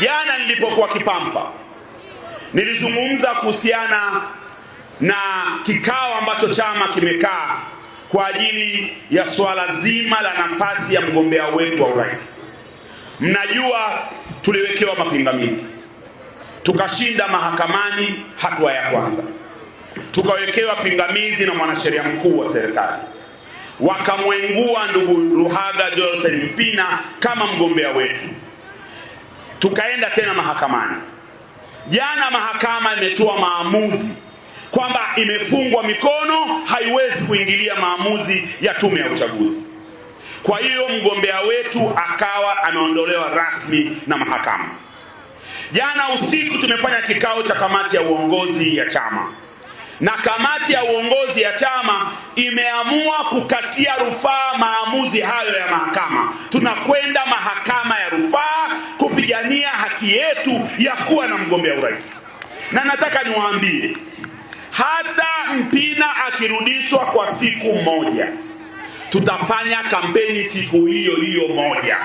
Jana nilipokuwa Kipampa nilizungumza kuhusiana na kikao ambacho chama kimekaa kwa ajili ya swala zima la nafasi ya mgombea wetu wa urais. Mnajua tuliwekewa mapingamizi, tukashinda mahakamani hatua ya kwanza, tukawekewa pingamizi na mwanasheria mkuu wa serikali, wakamwengua ndugu Luhaga Johnson Mpina kama mgombea wetu tukaenda tena mahakamani. Jana mahakama imetoa maamuzi kwamba imefungwa mikono, haiwezi kuingilia maamuzi ya tume ya uchaguzi. Kwa hiyo mgombea wetu akawa ameondolewa rasmi na mahakama. Jana usiku tumefanya kikao cha kamati ya uongozi ya chama, na kamati ya uongozi ya chama imeamua kukatia rufaa maamuzi hayo ya mahakama. Tunakwenda mahakama yetu ya kuwa na mgombea urais, na nataka niwaambie, hata Mpina akirudishwa kwa siku moja, tutafanya kampeni siku hiyo hiyo moja,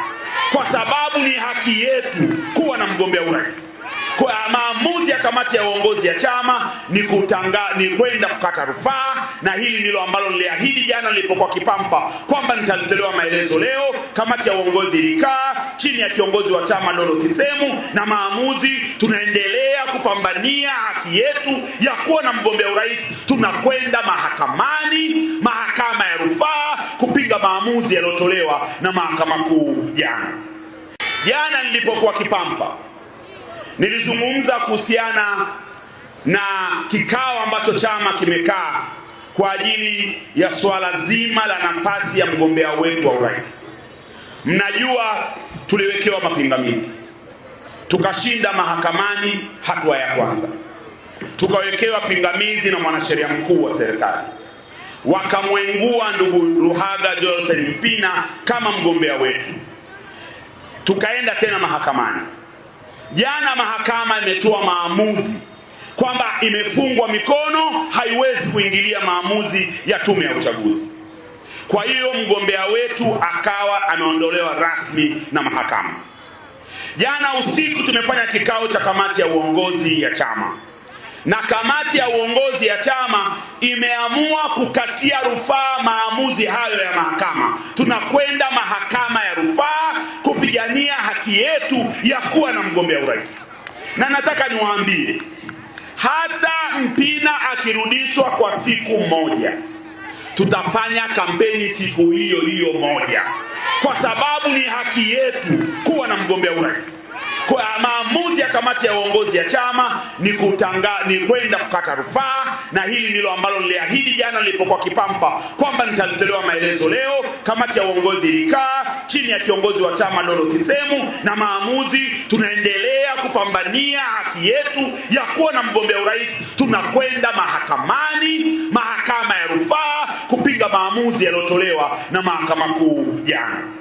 kwa sababu ni haki yetu kuwa na mgombea urais. Kwa maamuzi ya kamati ya uongozi ya chama ni kutanga, ni kwenda kukata rufaa na hili ndilo ambalo niliahidi jana nilipokuwa Kipampa kwamba nitalitolewa maelezo leo. Kamati ya uongozi ilikaa chini ya kiongozi wa chama Dorothy Semu na maamuzi, tunaendelea kupambania haki yetu ya kuwa na mgombea urais. Tunakwenda mahakamani, mahakama ya rufaa kupinga maamuzi yaliyotolewa na mahakama kuu jana. Jana nilipokuwa Kipampa nilizungumza kuhusiana na kikao ambacho chama kimekaa kwa ajili ya swala zima la nafasi ya mgombea wetu wa urais. Mnajua tuliwekewa mapingamizi, tukashinda mahakamani hatua ya kwanza, tukawekewa pingamizi na mwanasheria mkuu wa serikali, wakamwengua ndugu Luhaga Johnson Mpina kama mgombea wetu, tukaenda tena mahakamani. Jana mahakama imetoa maamuzi kwamba imefungwa mikono, haiwezi kuingilia maamuzi ya tume ya uchaguzi. Kwa hiyo mgombea wetu akawa ameondolewa rasmi na mahakama. Jana usiku tumefanya kikao cha kamati ya uongozi ya chama na kamati ya uongozi ya chama imeamua kukatia rufaa maamuzi hayo ya mahakama. Tunakwenda mahakama ya rufaa kupigania haki yetu ya kuwa na mgombea urais, na nataka niwaambie hata Mpina akirudishwa kwa siku moja, tutafanya kampeni siku hiyo hiyo moja, kwa sababu ni haki yetu kuwa na mgombea urais. Kwa maamuzi ya kamati ya uongozi ya chama ni kutanga, ni kwenda kukata rufaa, na hili ndilo ambalo niliahidi jana nilipokuwa Kipampa kwamba nitalitolewa maelezo leo. Kamati ya uongozi ilikaa chini ya kiongozi wa chama Dorothy Semu, na maamuzi tunaendelea kupambania haki yetu ya kuwa na mgombea urais, tunakwenda mahakamani, mahakama ya rufaa kupinga maamuzi yaliyotolewa na mahakama kuu jana.